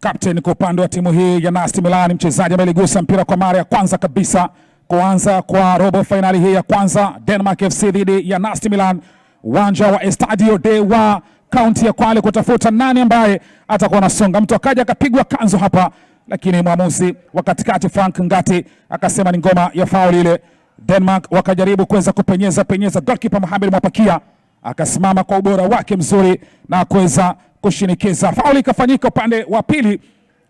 captain kwa upande wa timu hii ya Nasti Milan, mchezaji ambaye mpira kwa mara ya kwanza kabisa kuanza kwa robo fainali hii ya kwanza Denmark FC dhidi ya Nasti Milan, uwanja wa Estadio de wa kaunti ya Kwale kutafuta nani ambaye atakuwa anasonga. Mtu akaja akapigwa kanzo hapa, lakini mwamuzi wa katikati Frank Ngati akasema ni ngoma ya faul ile. Denmark wakajaribu kuweza kupenyeza penyeza, goalkeeper Mohamed Mwapakia akasimama kwa ubora wake mzuri na kuweza kushinikiza. Fauli ikafanyika upande wa pili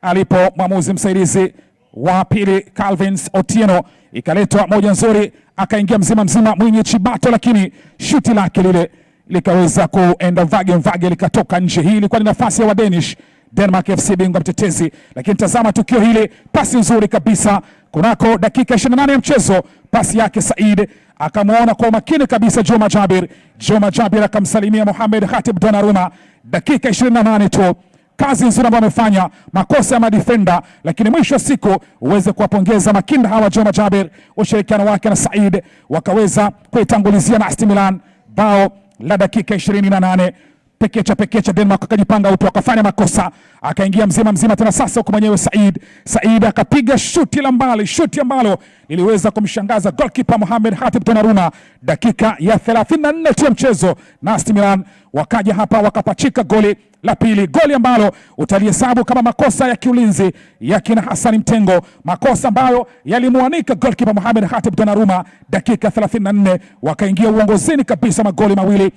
alipo mwamuzi msaidizi wa pili Calvins Otieno, ikaletwa moja nzuri, akaingia mzima mzima mwenye Chibato, lakini shuti lake lile likaweza kuenda vage mvage likatoka nje. Hii ilikuwa ni nafasi ya Wadenish Denmark FC bingwa mtetezi. Lakini tazama tukio hili, pasi nzuri kabisa kunako dakika 28 ya mchezo, pasi yake Said akamwona kwa makini kabisa Juma Jabir. Juma Jabir akamsalimia Mohamed Khatib Donnarumma, dakika 28 tu kazi nzuri ambayo amefanya, makosa ya madifenda, lakini mwisho wa siku uweze kuwapongeza makinda hawa Juma Jabir, ushirikiano wake na Said wakaweza kuitangulizia na AC Milan bao la dakika 28 pekecha pekecha, Denmark akajipanga utu, akafanya makosa, akaingia mzima mzima tena. Sasa huko mwenyewe Said Said akapiga shuti la mbali, shuti ambalo liliweza kumshangaza goalkeeper Mohamed Hatib Tonaruma dakika ya 34 tu ya mchezo, na AC Milan wakaja hapa wakapachika goli la pili, goli ambalo utalihesabu kama makosa ya kiulinzi ya kina Hassan Mtengo, makosa ambayo yalimuanika goalkeeper Mohamed Hatib Tonaruma dakika 34, wakaingia uongozini kabisa magoli mawili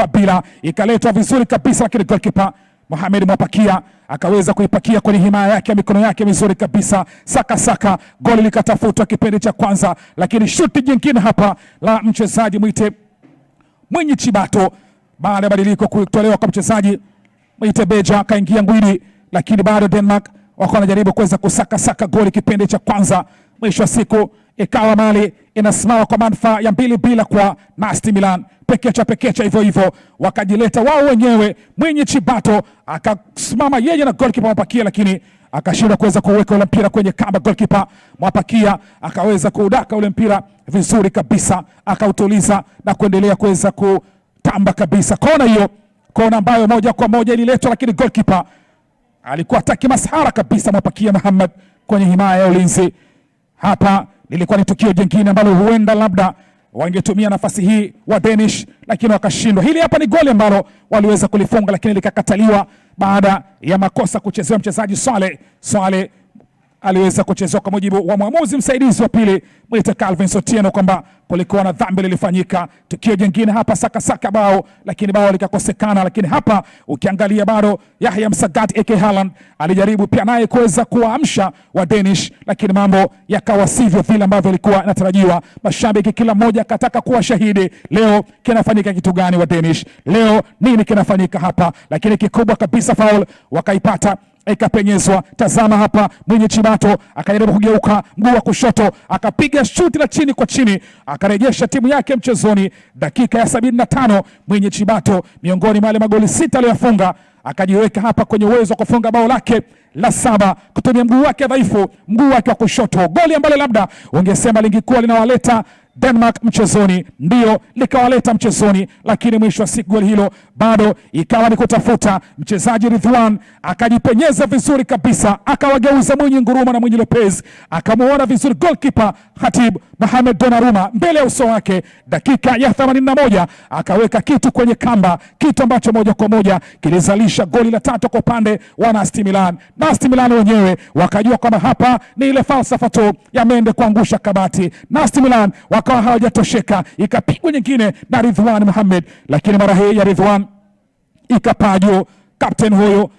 kwa bila, ikaletwa vizuri kabisa, lakini golkipa Mohamed Mwapakia akaweza kuipakia kwenye himaya yake ya mikono yake vizuri kabisa, saka saka, goli likatafutwa kipindi cha kwanza, lakini shuti jingine hapa la mchezaji mwite mwenye Chibato, baada ya badiliko kutolewa kwa mchezaji mwite Beja akaingia ngwili, lakini bado Denmark wako wanajaribu kuweza kusaka saka goli kipindi cha kwanza mwisho wa siku ikawa mali inasimama kwa manufaa ya mbili bila kwa Nasti Milan pekecha pekecha hivyo hivyo, wakajileta wao wenyewe. Mwinyi Chibato akasimama yeye na golkipa Mwapakia, lakini akashindwa kuweza kuweka ule mpira kwenye kamba. Golkipa Mwapakia akaweza kuudaka ule mpira vizuri kabisa, akautuliza na kuendelea kuweza kutamba kabisa. Kona hiyo, kona ambayo moja kwa moja ililetwa, lakini golkipa alikuwa ataki masahara kabisa, Mwapakia Muhammad kwenye himaya ya ulinzi. Hapa lilikuwa ni tukio jingine ambalo huenda labda wangetumia nafasi hii wa Danish, lakini wakashindwa. Hili hapa ni goli ambalo waliweza kulifunga, lakini likakataliwa baada ya makosa kuchezewa mchezaji Swale Swale aliweza kuchezewa kwa mujibu wa mwamuzi msaidizi wa pili mwita Calvin Sotieno kwamba kulikuwa na dhambi lilifanyika. Tukio jingine hapa saka saka bao, lakini bao likakosekana. Lakini hapa ukiangalia bado Yahya Msagat AK Haaland alijaribu pia naye kuweza kuwaamsha wa Danish, lakini mambo yakawa sivyo vile ambavyo ilikuwa inatarajiwa. Mashabiki kila mmoja akataka kuwa shahidi, leo kinafanyika kitu gani wa Danish? Leo nini kinafanyika hapa? Lakini kikubwa kabisa, faul wakaipata ikapenyezwa. Tazama hapa, mwenye Chibato akajaribu kugeuka mguu wa kushoto, akapiga shuti la chini kwa chini, akarejesha timu yake mchezoni. Dakika ya sabini na tano mwenye Chibato, miongoni mwa magoli sita aliyoyafunga, akajiweka hapa kwenye uwezo wa kufunga bao lake la saba kutumia mguu wake dhaifu, mguu wake wa kushoto, goli ambalo labda ungesema lingekuwa linawaleta Denmark mchezoni, ndio likawaleta mchezoni, lakini mwisho wa siku goli hilo bado ikawa ni kutafuta. Mchezaji Ridhwan akajipenyeza vizuri kabisa, akawageuza Mwinyi Nguruma na Mwinyi Lopez, akamuona vizuri goalkeeper Hatib Mohamed Donnarumma mbele ya uso wake. Dakika ya 81 akaweka kitu kwenye kamba, kitu ambacho moja kwa moja kilizalisha goli la tatu kwa upande wa AC Milan. Na AC Milan wenyewe wakajua kwamba hapa ni ile falsafa tu ya mende kuangusha kabati. Na AC Milan wak wakawa hawajatosheka, ikapigwa nyingine na Ridhwan Muhamed, lakini mara hii ya Ridhwan ikapaa juu. Kapteni huyo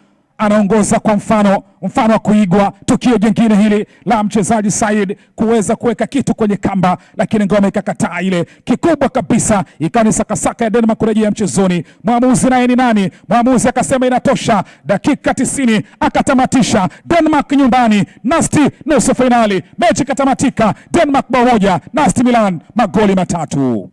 anaongoza kwa mfano, mfano wa kuigwa. Tukio jingine hili la mchezaji Said kuweza kuweka kitu kwenye kamba, lakini ngoma ikakataa. Ile kikubwa kabisa ikawa ni sakasaka ya Denmark kurejea mchezoni. Mwamuzi naye ni nani? Mwamuzi akasema inatosha, dakika tisini akatamatisha. Denmark nyumbani, Nasti nusu fainali. Mechi ikatamatika Denmark bao moja, Nasti Milan magoli matatu.